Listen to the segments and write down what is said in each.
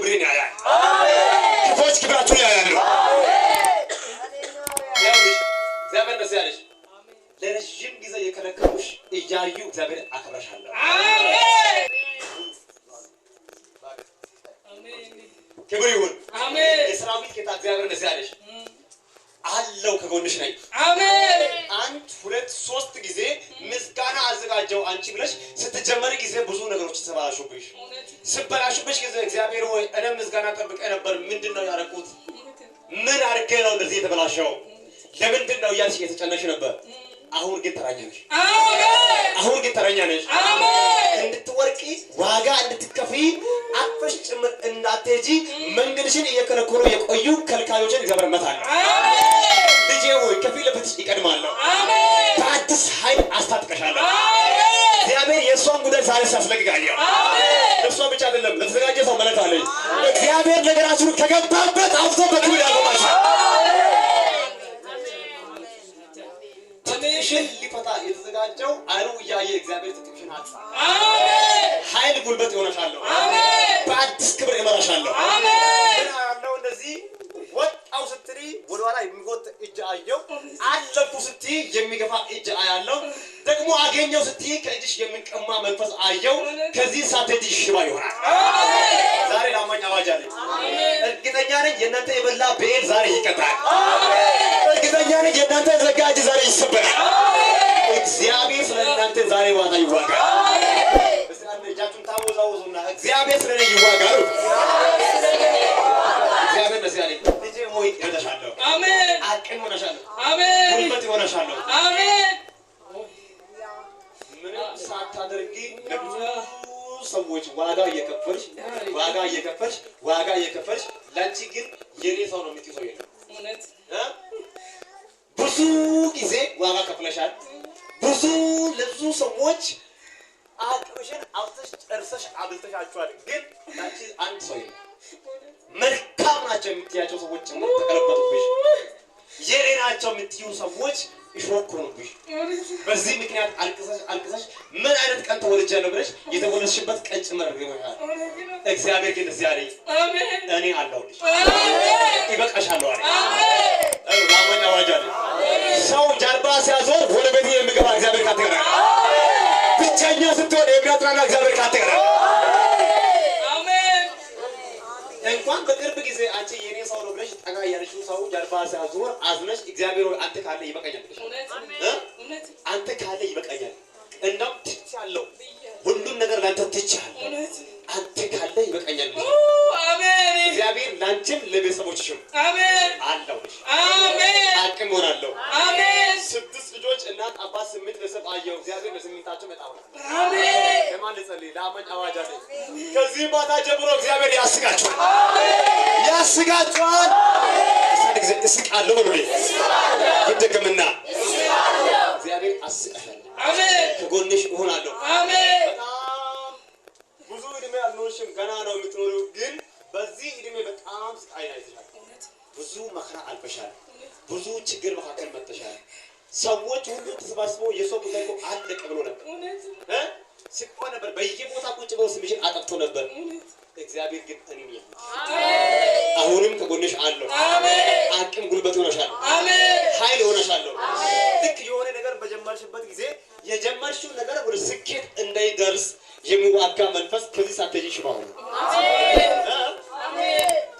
ክብሬን ያያል፣ ክፎች ክብራችሁን ያያሉ። እግዚአብሔር ደስ ያለሽ ለረዥም ጊዜ የከለከሉሽ እያዩ እግዚአብሔር አከብረሻለሁ። ክብር ይሁን የሰራዊት ጌታ እግዚአብሔር ደስ ያለሽ አለው ከጎንሽ ነኝ። አንድ ሁለት ሶስት ጊዜ ምስጋና አዘጋጀው አንቺ ብለሽ ስትጀመሪ ጊዜ ብዙ ነገሮች ተበላሹብሽ። ስበላሽብሽ ጊዜ እግዚአብሔር ወይ እኔ ምስጋና ጠብቀ ነበር። ምንድን ነው ያደረኩት? ምን አድርጌ ነው እንደዚህ የተበላሸው? ለምንድን ነው እያልሽ እየተጨነሽ ነበር። አሁን ግን ተረኛ ነሽ። አሁን ግን ተረኛ ነሽ። እንድትወርቂ ዋጋ እንድትከፊ አፍሽ ጭምር እንዳትሄጂ መንገድሽን እየከለከሉ የቆዩ ከልካዮችን እግዚአብሔር መታል። ልጄ ሆይ ከፊት ለፊትሽ ይቀድማለሁ። በአዲስ ኃይል አስታጥቀሻለሁ። እግዚአብሔር የእሷን ጉዳይ ዛሬ ሲያስለቅቃል። እሷ ብቻ አይደለም ለተዘጋጀ ሰው መለት አለኝ። እግዚአብሔር ነገራችሁን ከገባበት አብዞ በክብር ያቆማችኋል። ትንሽን ሊፈታ የተዘጋጀው አይኑ እያየ እግዚአብሔር ትጥቅሽን አጥፋ ኃይል ጉልበት ይሆነሻለሁ። በአዲስ ክብር ይመራሻለሁ። ያለው እንደዚህ አው ስትሪ ወደኋላ የሚጎት እጅ አየው። አለኩ ስትይ የሚገፋ እጅ አያለው። ደግሞ አገኘው ስትይ ከእጅሽ የሚቀማ መንፈስ አየው። ከዚህ ሳትሄጂ ሽባ ይሆናል። ዛሬ ላማኝ አዋጅ አለኝ። እርግጠኛ ነኝ የእናንተ የበላ ብኤል ዛሬ ይቀጣል። እርግጠኛ ነኝ የእናንተ የዘጋ እጅ ዛሬ ይሰበራል። እግዚአብሔር ስለ እናንተ ዛሬ ዋጣ ይዋጋል። እጃችሁን ታወዛወዙና እግዚአብሔር ስለ ይዋጋል። ይረዳሻለሁ። አሜን። አቅም ይሆነሻለሁ። አሜን። ጉልበት ይሆነሻለሁ። አሜን። ምንም ሳታደርጊ ለብዙ ሰዎች ዋጋ እየከፈልሽ ዋጋ እየከፈልሽ ዋጋ እየከፈልሽ ለአንቺ ግን የኔ ሰው ነው የምትይዘው የለም። ብዙ ጊዜ ዋጋ ከፍለሻል። ብዙ ለብዙ ሰዎች አቅምሽን አውጥተሽ ጨርሰሽ አብልተሻቸዋል። ግን ለአንቺ አንድ ሰው የለም። መልካም ናቸው የምትያቸው ሰዎች ጭምር ተቀለበጡብሽ። የኔ ናቸው የምትዩ ሰዎች ይሾክሩብሽ። በዚህ ምክንያት አልቅሰሽ አልቅሰሽ ምን አይነት ቀን ነው ብለሽ የተወለድሽበት ቀን ጭምር ይሆናል። እግዚአብሔር ግን እዚያ ላይ እኔ አለሁልሽ፣ ይበቃሻል አለ። ላመኛ ዋጃ ሰው ጀርባ ሲያዞር ወደ ቤት የሚገባ እግዚአብሔር ካትገራ፣ ብቸኛ ስትሆን የሚያጥናና እግዚአብሔር ካትገራ እንኳን በቅርብ ጊዜ አንቺ የኔ ሰው ነው ብለሽ ጠጋ ያልሽው ሰው ጀርባ ሲያዞር አዝነሽ እግዚአብሔር ሆይ አንተ ካለ ይበቃኛል፣ አንተ ካለ ይበቃኛል። ትች ያለው ሁሉን ነገር ለአንተ ትች ትቻለሁ። አንተ ካለ ይበቃኛል። አሜን። እግዚአብሔር ላንቺም ለቤተሰቦችሽም አሜን አለውሽ። አሜን። አቅም ሆናለሁ። አሜን። ስድስት ልጆች እናት አባት ስምንት ቤተሰብ አየው እግዚአብሔር ለስምንታቸው መጣው። አሜን ማን ልጸልይ? ለአመድ አዋጅ አለ። ከዚህ ማታ ጀምሮ እግዚአብሔር ያስጋችኋል፣ ያስጋችኋል። አንድ ጊዜ እስቃለሁ ብሎ ይደገምና እግዚአብሔር አስቃለሁ፣ ከጎንሽ እሆናለሁ። በጣም ብዙ እድሜ አልኖርሽም፣ ገና ነው የምትኖሪው። ግን በዚህ እድሜ በጣም ስቃይ አይተሻል፣ ብዙ መከራ አልፈሻል፣ ብዙ ችግር መካከል መጥተሻል። ሰዎች ሁሉ ተሰባስበው የሰው ጉዳይ እኮ አለቀ ብሎ ነበር። ስቆ ነበር። በየቦታ ቁጭ ብለው ስምሽን አጠፍቶ ነበር። እግዚአብሔር ግን እኔ አሁንም ከጎንሽ አለሁ። አቅም ጉልበት ሆነሻለሁ። ኃይል ሆነሻለሁ። ልክ የሆነ ነገር በጀመርሽበት ጊዜ የጀመርሽው ነገር ወደ ስኬት እንዳይደርስ የሚዋጋ መንፈስ ከዚህ ሳትሄጂ ሽባ ሆነ።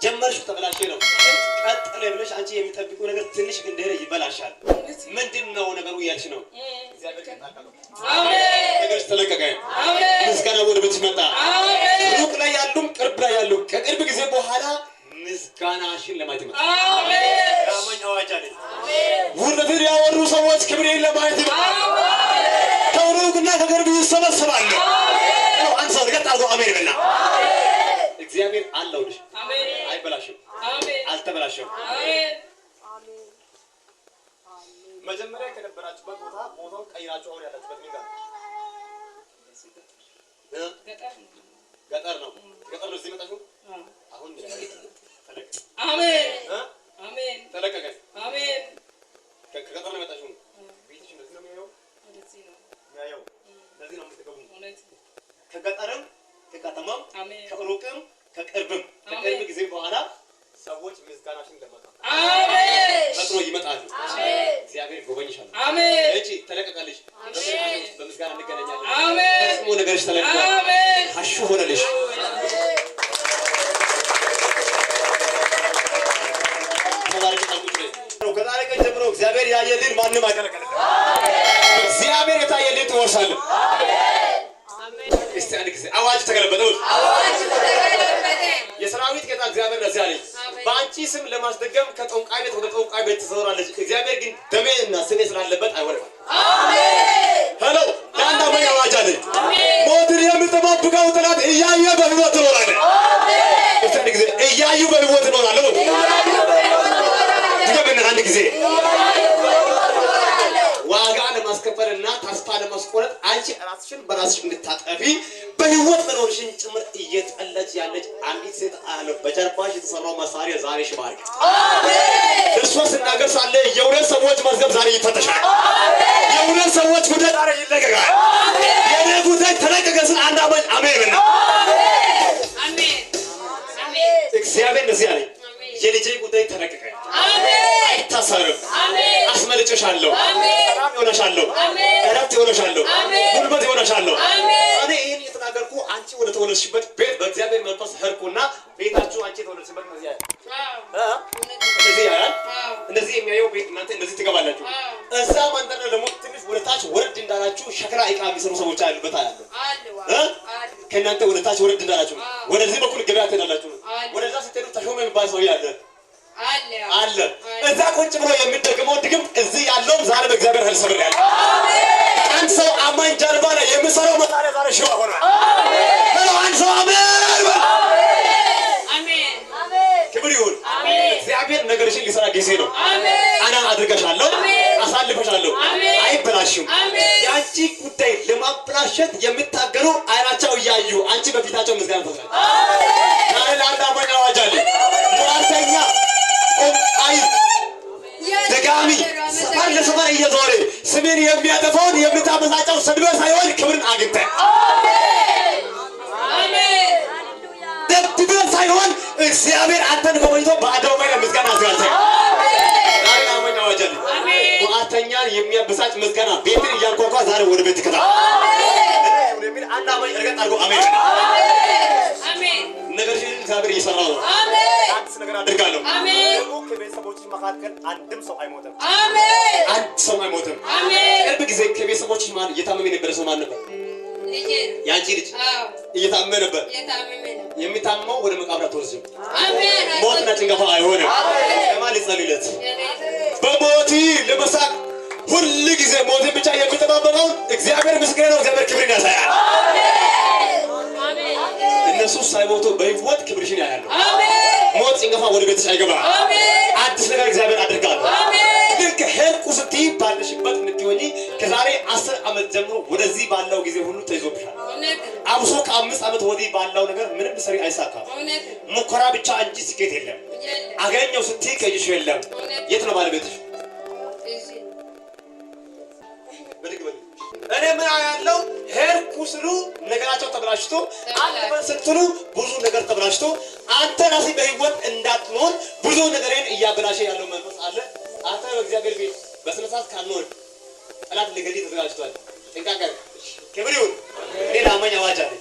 ጀመርሽው ተበላሸ ነው ቀጥለ ብለሽ አንቺ የሚጠብቁ ነገር ትንሽ እንደሄደ ይበላሻል። ምንድን ነው ነገሩ እያልሽ ነው ተለቀቀ። ምስጋና ወደ ቤት መጣ። ሩቅ ላይ ያሉም ቅርብ ላይ ያሉ ከቅርብ ጊዜ በኋላ ምስጋናሽን ለማየት ይመጣል። ውርደትን ያወሩ ሰዎች ክብሬን ለማየት ከገጠርም ከከተማም ከሩቅም ከቅርብም ከቅርብ ጊዜ በኋላ ሰዎች ምስጋናሽን ለማቅረብ ፈጥኖ ይመጣሉ። እግዚአብሔር ይጎበኝሻል። እጅ ተለቀቀልሽ። በምስጋና እንገናኛለን። ፈጽሞ ነገርሽ ተለቅቋል። ሀሹ ሆነልሽ። ከዛሬ ቀን ጀምሮ እግዚአብሔር ያየልን ማንም አይከለከልም። እግዚአብሔር የታየልን ትወርሳለን። አንድ ጊዜ አዋጅ ተገለበጠ። አዋጅ ተገለበጠ። የሰራዊት ጌታ እግዚአብሔር ለዚያ ልጅ በአንቺ ስም ለማስደገም ከጠንቋይ ቤት ወደ ጠንቋይ ቤት ትዘወራለች። እግዚአብሔር ግን ደሜ እና ስሜ ስላለበት አይወርም። አሜን። ሄሎ ዳንዳ ወይ አዋጅ አለ። ሞትን የምትጠባብቀው ጠላት እያየ በህይወት ትኖራለህ። አሜን። አንድ ጊዜ እያዩ በህይወት ትኖራለህ። ማስቆረጥ አንቺ ራስሽን በራስሽ እንድታጠፊ በህይወት መኖርሽን ጭምር እየጠለች ያለች አንዲት ሴት አለ። በጀርባሽ የተሰራው መሳሪያ ዛሬ ሽባርቅ እሷ ስናገር ሳለ የሁለት ሰዎች መዝገብ ዛሬ ይፈተሻል። የሁለት ሰዎች ጉደት ዛሬ ይለቀቃል። የኔ ጉዳይ ተለቀቀ ስል አንድ አመ እዛ ቁጭ ብሎ የሚደግመው ድግም እዚህ ያለውም ዛሬ በእግዚአብሔር ኃይል ሰብር ያለ አንድ ሰው አማኝ ጀርባ ላይ የሚሰራው መጣሪያ ዛሬ ሽባ ሆኗል። አንድ ሰው አሜን ክብር ይሁን እግዚአብሔር። ነገርሽን ሊሰራ ጊዜ ነው። አና አድርገሻለሁ፣ አሳልፈሻለሁ፣ አይበላሽም። የአንቺ ጉዳይ ለማበላሸት የሚታገሉ አይናቸው እያዩ አንቺ በፊታቸው ምስጋና ፈጥራል። ዛሬ ለአንድ አማኝ አዋጅ አለ አይ ደጋሚ ሰፈር ለሰፈር እየዞረ ስሜን የሚያጠፋውን የምታመሳጨው ስድብ ሳይሆን ክብርን አግኝተ ደብድበ ሳይሆን እግዚአብሔር አንተን ጎበኝቶ በአደባባይ ባይ ለምስጋና አዘጋጀ። ሟተኛን የሚያበሳጭ ምስጋና ቤትን እያንኳኳ ዛሬ ወደ ቤት ክታ አሜን። እግዚአብሔር እየሰራ ነው። አዲስ ነገር አድርጋለሁ። ደግሞ ከቤተሰቦች መካከል አንድም ሰው አይሞትም። አሜን። አንድ ሰው አይሞትም። አሜን። ቅርብ ጊዜ ከቤተሰቦች ማን እየታመመ የነበረ ሰው ማን ነበር? ያንቺ ልጅ እየታመመ ነበር። የሚታመመው ወደ መቃብር አትወስጂም። ሞትና ጭንገፋ አይሆንም። ለማን ልጸልይለት? በሞት ለመሳቅ ሁል ጊዜ ሞትን ብቻ የሚጠባበቀውን እግዚአብሔር ምስክሬ ነው። እግዚአብሔር ክብርን ያሳያል። እነሱ ሳይሞቱ በህይወት ክብርሽን ያያሉ። ሞት ሲንገፋ ወደ ቤትሽ አይገባ። አዲስ ነገር እግዚአብሔር አድርጋለሁ። ግን ከሄድኩ ስትይ ባለሽበት እንድትሆኚ ከዛሬ አስር ዓመት ጀምሮ ወደዚህ ባለው ጊዜ ሁሉ ተይዞብሻል። አብሶ ከአምስት ዓመት ወዲህ ባለው ነገር ምንም ሰሪ አይሳካም። ሙከራ ብቻ እንጂ ስኬት የለም። አገኘው ስትይ ከእጅሽ የለም። የት ነው ባለቤትሽ? እኔ ምን ያለው ሄር ስሉ ነገራቸው ተብላሽቶ፣ አንድ አለበን ስትሉ ብዙ ነገር ተብላሽቶ፣ አንተ ራስህ በህይወት እንዳትኖር ብዙ ነገሬን እያበላሸ ያለው መንፈስ አለ። አንተ በእግዚአብሔር ቤት በስነሳት ስርዓት ካልኖር ጠላት ነገሪ ተዘጋጅቷል። ጥንቃቀር ክብር ይሁን። እኔ ላመኝ አዋጅ አለ።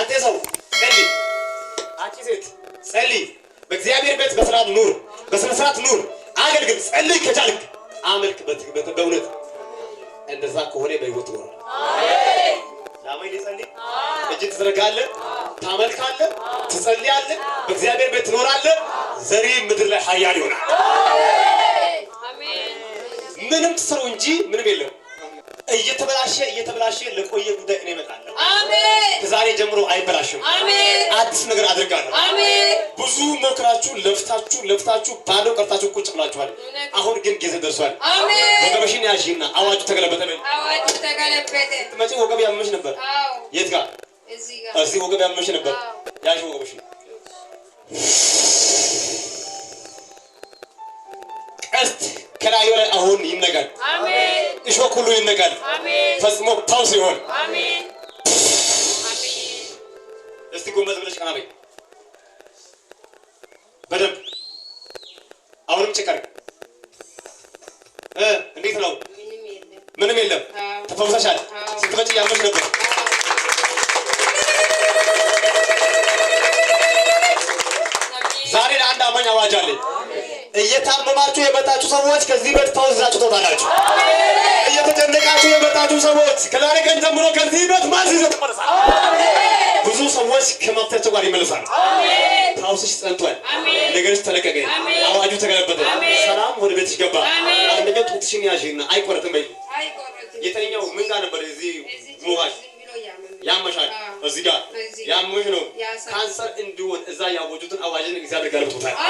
አንተ ሰው ጸልይ፣ አንቺ ሴት ጸልይ፣ በእግዚአብሔር ቤት በስርዓት ኑር፣ በስነ ኑር፣ አገልግል፣ ጸልይ፣ ከቻልክ አመልክ በእውነት እንደዛ ከሆነ በህይወት ይኖራል። ላመኝ ልጸልይ እጅ ትዘረጋለህ፣ ታመልካለህ፣ ትጸልያለህ፣ በእግዚአብሔር ቤት ትኖራለህ። ዘሪ ምድር ላይ ሀያል ይሆናል። ምንም ስሩ እንጂ ምንም የለም። እየተበላሸ እየተበላሸ ለቆየ ጉዳይ እኔ እመጣለሁ። አሜን። ከዛሬ ጀምሮ አይበላሽም። አሜን። አዲስ ነገር አድርጋለሁ። አሜን። ብዙ ሞክራችሁ ለፍታችሁ ለፍታችሁ ባዶ ቀርታችሁ ቁጭ ብላችኋል። አሁን ግን ጊዜ ደርሷል። አሜን። ወገበሽን ያዥና አዋጁ ተገለበጠ በል። አዋጁ ተገለበጠ። መጪ ወገብ ያመሽ ነበር። አዎ። የት ጋር? እዚህ ጋር። እዚህ ወገብ ያመሽ ነበር። ያዥ ወገበሽን ቀስት ከላዩ ላይ አሁን ይነጋል። እሾክ ሁሉ ይነጋል። ፈጽሞ ፓውስ ይሆን። እስቲ ጎመዝ ብለሽ ቀና በይ በደንብ አሁንም ጭቀር። እንዴት ነው? ምንም የለም። ተፈውሰሻል። ስትመጪ ያመሽ ነበር። ዛሬ ለአንድ አማኝ አዋጅ አለኝ። እየታመማችሁ የመጣችሁ ሰዎች ከዚህ ቤት ተወዛችሁ ተወጣላችሁ። እየተጨነቃችሁ የመጣችሁ ሰዎች ከዛሬ ቀን ጀምሮ ከዚህ ቤት ማን ይዘው ተመለሳል። ብዙ ሰዎች ከመብታቸው ጋር ይመለሳሉ። ታውስሽ ጸንቷል፣ ነገርሽ ተለቀቀ፣ አዋጁ ተገለበጠ፣ ሰላም ወደ ቤትሽ ገባ። አንደኛው ጡትሽን ያዥና አይቆረጥም። በይ። የተኛው ምን ጋር ነበር? እዚህ ሙሃሽ ያመሻል እዚህ ጋር ያምሽ ነው ካንሰር እንዲሆን እዛ ያወጁትን አዋጅን እግዚአብሔር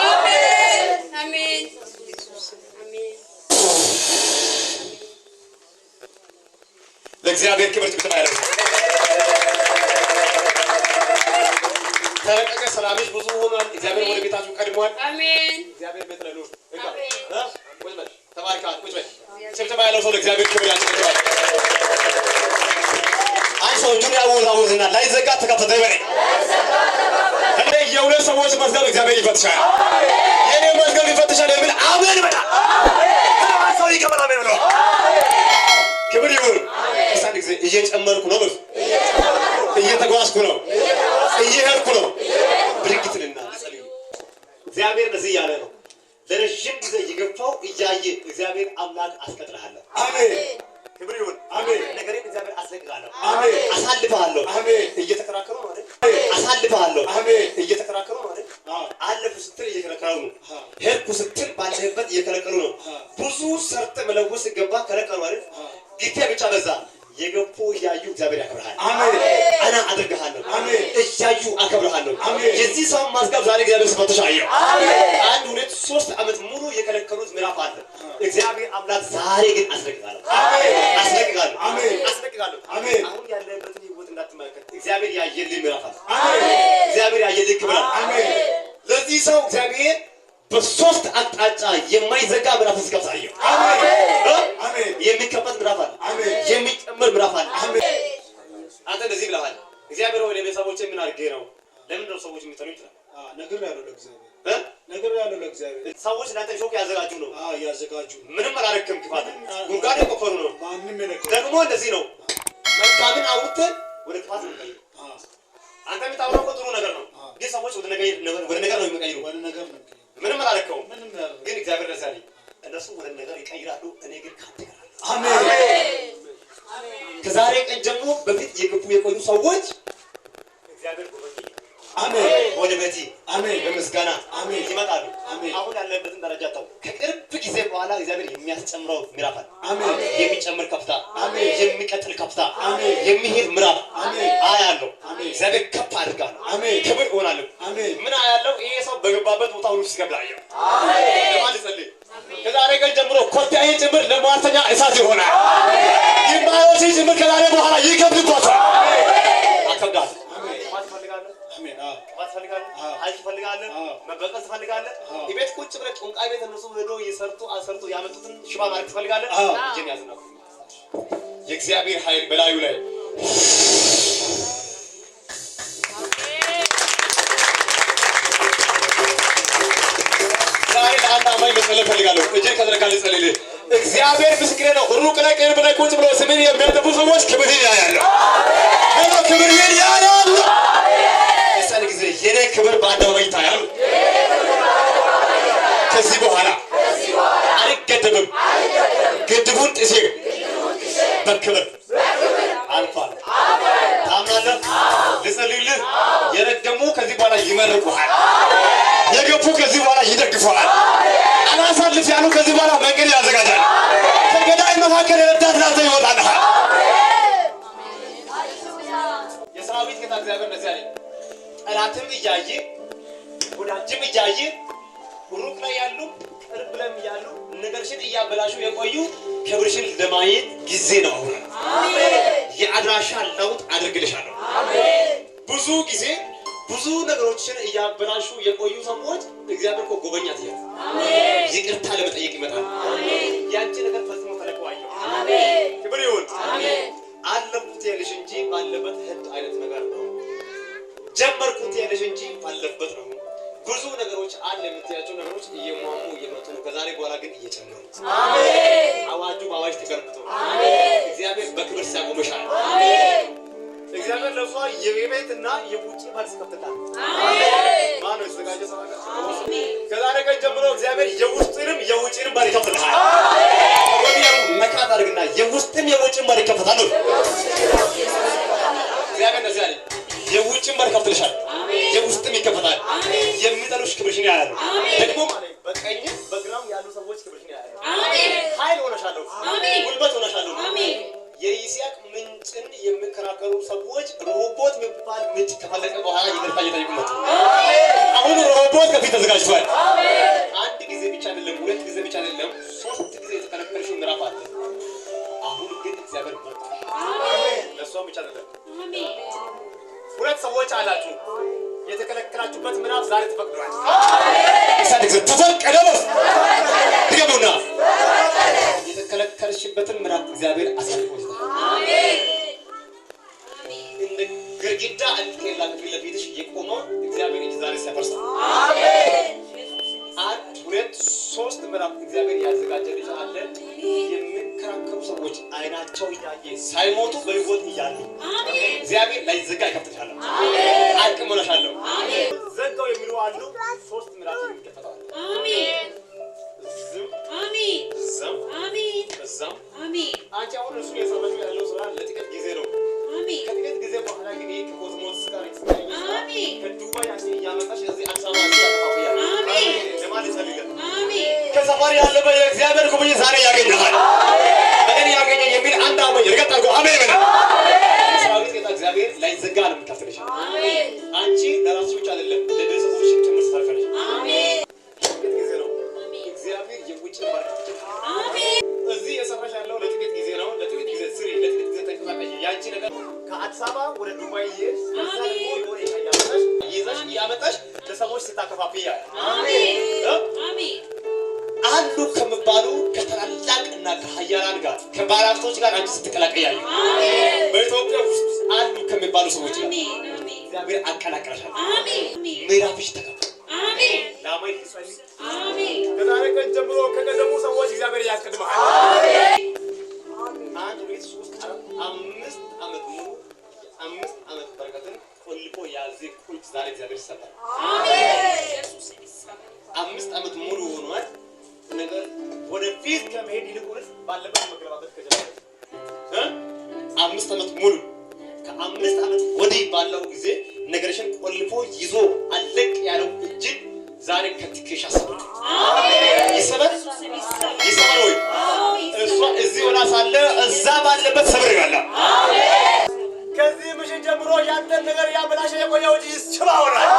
አሜን። አሜን። ለእግዚአብሔር ክብር ትግባ ያለ ተረቀቀ። ሰላምሽ ብዙ ሆኗል። እግዚአብሔር ወደ ቤታችሁ ቀድሟል። አሜን። እግዚአብሔር ያለው ሰው ለእግዚአብሔር ክብር ያስገባል። አንድ ሰው እጁን ያወዛውዝና ላይዘጋ ተከፈተ ይበል። የሁለት ሰዎች መዝገብ እግዚአብሔር ይፈትሻል። አሜን በላል። ሰው ይቀበል። አሜን በላል። ክብር ይሁን። አንድ ጊዜ እየጨመርኩ ነው፣ እየተጓዝኩ ነው፣ እየሄድኩ ነው። ድርጊትንና ልጸልዩ እግዚአብሔር በዚህ እያለ ነው። ለረዥም ጊዜ እየገፋው እያየ እግዚአብሔር አምላክ አስቀጥልሃለሁ። አሜን ክብር ይሁን። አሜን ነገር እግዚአብሔር አስለቅቃለሁ። አሜን አሳልፈሃለሁ። አሜን እየተከራከሩ ነው አይደል? አሳልፈሃለሁ። አሜን እየተከራከሩ ነው አይደል? አለፉ ስትል እየተከራከሩ ነው። ሄድኩ ስትል ያለህበት እየከለከሉ ነው። ብዙ ሰርተ መለወስ ገባ ከለከሉ ማለት ጌታ ብቻ በዛ የገቡ እያዩ እግዚአብሔር ያከብርሃል። አሜን። አና አድርግሃለሁ። አሜን። እያዩ አከብርሃለሁ። አሜን። የዚህ ሰው ማስጋብ ዛሬ እግዚአብሔር ስፈተሻ አየሁ። አሜን። አንድ ሁለት ሶስት ዓመት ሙሉ የከለከሉት ምዕራፍ አለ። እግዚአብሔር አምላክ ዛሬ ግን አስለቅቃለሁ። አሜን። አስለቅቃለሁ። አሜን። አስለቅቃለሁ። አሜን። አሁን ያለህበትን ህይወት እንዳትመለከት እግዚአብሔር ያየልህ ምዕራፍ አለ። አሜን። እግዚአብሔር ያየልህ ክብር አሜን። ለዚህ ሰው እግዚአብሔር በሶስት አቅጣጫ የማይዘጋ ምዕራፍ እዚህ የሚከፈት ምዕራፍ አለ፣ የሚጨምር ምዕራፍ አለ። አንተ እንደዚህ ብለሃል፣ እግዚአብሔር ወይ ለቤተሰቦች ምን አድርጌ ነው? ለምን ነው ሰዎች የሚጠሉ ይችላል? ነገር ያለው ለእግዚአብሔር ነገር ያለው ለእግዚአብሔር። ሰዎች ለአንተ ሾክ ያዘጋጁ ነው ያዘጋጁ። ምንም አላረክም። ክፋት ጉድጓድ የቆፈሩ ነው። ደግሞ እንደዚህ ነው፣ መልካምን አውጥተህ ወደ ክፋት ነው ቀይሩ። አንተ የምታወራው ጥሩ ነገር ነው፣ ግን ሰዎች ወደ ነገር ነው የሚቀይሩ። ምንም አላልከውም፣ ግን እግዚአብሔር ነዛ ነኝ። እነሱ ወደ ነገር ይቀይራሉ፣ እኔ ግን ካንተ ከዛሬ ቀን ጀምሮ በፊት የገቡ የቆዩ ሰዎች እግዚአብሔር ጎበዝ አሜን። ወደበቲ አሜን። በምስጋና አሜን። ይመጣሉ። አሜን። አሁን ያለበትን ደረጃ ታው ከቅርብ ጊዜ በኋላ እግዚአብሔር የሚያስጨምረው ምዕራፍ አለ። አሜን። የሚጨምር ከፍታ አሜን። የሚቀጥል ከፍታ አሜን። የሚሄድ ምዕራፍ አሜን። አያለው አሜን። እግዚአብሔር ከፍ አድርጋለሁ። አሜን። ክብር እሆናለሁ። አሜን። ምን አያለው? ይሄ ሰው በገባበት ቦታ ሁሉ ሲገብላ አየው። አሜን። ከዛሬ ቀን ጀምሮ ኮርቲያዬ ጭምር ለሟርተኛ እሳት ይሆናል። ግንባሮች ጭምር ከዛሬ በኋላ ይከብድባቸዋል። ትፈልጋለን፣ መበቀል ትፈልጋለን። ቤት ቁጭ ብለህ ቁንቃ ቤት እነሱ ሄዶ የሰርቶ አሰርቶ ያመጡትን ሽባ ማድረግ ትፈልጋለን። እጄን ያዝና የእግዚአብሔር ኃይል በላዩ ላይ ዛሬ እግዚአብሔር ምስክሬ ነው። ሩቅ ላይ ቅርብ ላይ ቁጭ ብሎ ስምን የሚያጠፉ ሰዎች ክብርን ያያለሁ። ክብርን ያያለሁ። የኔ ክብር በአደባባይ ይታያል። ከዚህ በኋላ አልገደብም። ግድቡን ጥሴ በክብር አልፋለሁ። ታምናለህ። ልጸልይልህ። የረገሙ ከዚህ በኋላ ይመርቁሃል። የገፉ ከዚህ በኋላ ይደግፈዋል። አላሳልፍ ያሉ ከዚህ በኋላ መንገድ ያዘ ጠላትም እያየ ወዳጅም እያየ ሩቅ ላይ ያሉ ቅርብ ለም ያሉ ነገርሽን እያበላሹ የቆዩ ክብርሽን ለማየት ጊዜ ነው። አሁን የአድራሻ ለውጥ አድርግልሻለሁ። ብዙ ጊዜ ብዙ ነገሮችን እያበላሹ የቆዩ ሰዎች እግዚአብሔር እኮ ጎበኛት ያ ይቅርታ ለመጠየቅ ይመጣል። ያንቺ ነገር ፈጽሞ ተለቀዋየሁ። ክብር ይሁን አለፉት ያልሽ እንጂ ባለበት ህድ አይነት ነገር ነው ጀመርኩት ያለሽ እንጂ ባለበት ነው። ብዙ ነገሮች አለ የምትያቸው ነገሮች እየሟሙ እየመጡ ነው። ከዛሬ በኋላ ግን እየጨመሩት አዋጁ በአዋጅ ተገርብቶ እግዚአብሔር በክብር ሲያቆመሻል። እግዚአብሔር ለሷ የቤት የቤትና የውጭ መልስ ከፍታል። ማነው የተዘጋጀ ሰው? ከዛሬ ቀን ጀምሮ እግዚአብሔር የውስጥንም የውጭንም በር ይከፍትልሃል። መካት አድርግና የውስጥም የውጭም በር ይከፍታል። እግዚአብሔር ነዚህ አለኝ የውጭን በር ከፍትልሻል፣ የውስጥም ይከፈታል። የሚጠሉሽ ክብርሽን ያያሉ። ደግሞ በቀኝም በግራም ያሉ ሰዎች ክብርሽን ያያሉ። ኃይል ሆነሻለሁ፣ ጉልበት ሆነሻለሁ። የይስሐቅ ምንጭን የሚከራከሩ ሰዎች ሮቦት የሚባል ምንጭ ከፈለቀ በኋላ ይደርፋ እየጠይቁመት አሁን ሮቦት ከፊት ተዘጋጅቷል። አንድ ጊዜ ብቻ አይደለም፣ ሁለት ጊዜ ብቻ አይደለም፣ ሶስት ጊዜ የተከለከለሽው ምዕራፍ አለ። አሁን ግን እግዚአብሔር ለእሷም ብቻ አይደለም ሁለት ሰዎች አላችሁ። የተከለከላችሁበት ምዕራፍ ዛሬ ተፈቅዷል። ተፈቀደ። የተከለከልሽበትን ምዕራፍ እግዚአብሔር አሳልፎታል። እንደ ግርግዳ አንቴላ ከፊት ለፊትሽ የቆመው እግዚአብሔር ዛሬ ሲያፈርሳል። አንድ ሁለት ሶስት ምዕራፍ እግዚአብሔር ያዘጋጀ ልጅ አለ። የሚከራከሩ ሰዎች አይናቸው እያየ ሳይሞቱ በህይወት እያሉ እግዚአብሔር ላይዘጋ ይከፍትሻለሁ፣ አቅም ሆነሻለሁ። ዘጋው የሚሉ አሉ። ሶስት ምዕራፍ ጊዜ ነው። ጊዜ በኋላ ግን ከሰፈር ያለበ የእግዚአብሔር ጉብኝት ያቀላቅልሻል። ምዕራፍሽ ተከፈተ። ከዛሬ ቀን ጀምሮ ከቀደሙ ሰዎች እግዚአብሔር ያስቀድመሃል። አንድ ቤት አምስት ዓመት ሙሉ አምስት ዓመት በረከትን ቆልፎ ያዘ ቁልፍ ዛሬ እግዚአብሔር ይሰጣል። አምስት ዓመት ሙሉ ሆኗል። ነገር ወደፊት ከመሄድ ይልቁንስ ባለበት መገለባበት ከጀመረ አምስት ዓመት ሙሉ ከአምስት ዓመት ወዲህ ባለው ጊዜ ነገርሽን ቆልፎ ይዞ አለቅ ያለው እጅግ ዛሬ ከትክሽ አስበል ይሰበር ይሰበር ወይ እሷ እዚህ ሆና ሳለ እዛ ባለበት ሰብር ይበላ። ከዚህ ምሽን ጀምሮ ያንተን ነገር ያበላሸ የቆየው እጅ ይስችባ ወራል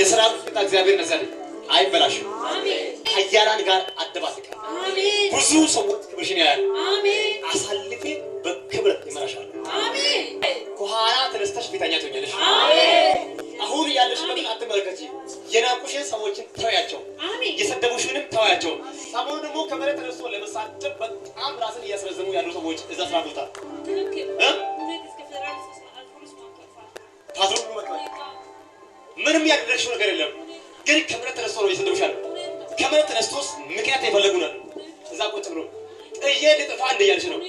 የሰራዊት ጌታ እግዚአብሔር ነዘር አይበላሽም። ኃያላን ጋር አደባልቃል። ብዙ ሰዎች ክብርሽን ያያል። ትዕቢተኛ ትሆኛለሽ። አሁን ያለሽበት አትመለከቺ። የናቁሽን ሰዎችን ተያቸው፣ የሰደቡሽንም ተያቸው። ሰሞኑን ደግሞ ከመሬት ተነስቶ ለመሳደብ በጣም ራስን እያስረዘሙ ያሉ ሰዎች እዛ ስራ ቦታ ታስሮ ምንም ያደረግሽው ነገር የለም፣ ግን ከመሬት ተነስቶ ነው የሰደቡሻል። ከመሬት ተነስቶስ ምክንያት የፈለጉናል። እዛ ቁጭ ብሎ እየሄደ ጥፋ እንደያልሽ ነው።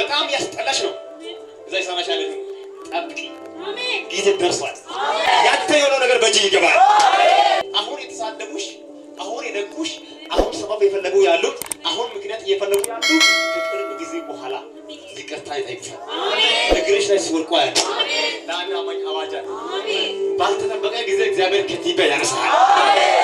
በጣም ያስጠላሽ ነው። እዛ ይሰማሻል። ጠብቂ ጊዜ ደርሷል። ያንተ የሆነው ነገር በእጅ ይገባል። አሁን የተሳደቡሽ፣ አሁን የነቁሽ፣ አሁን ሰበብ የፈለጉ ያሉት፣ አሁን ምክንያት እየፈለጉ ያሉት ከቅርብ ጊዜ በኋላ ይቅርታ ይጠይቁሻል። እግርሽ ላይ ሲወልቆ ያለ ለአንድ አማኝ አዋጃ ባልተጠበቀ ጊዜ እግዚአብሔር ከትቢያ ያነሳል።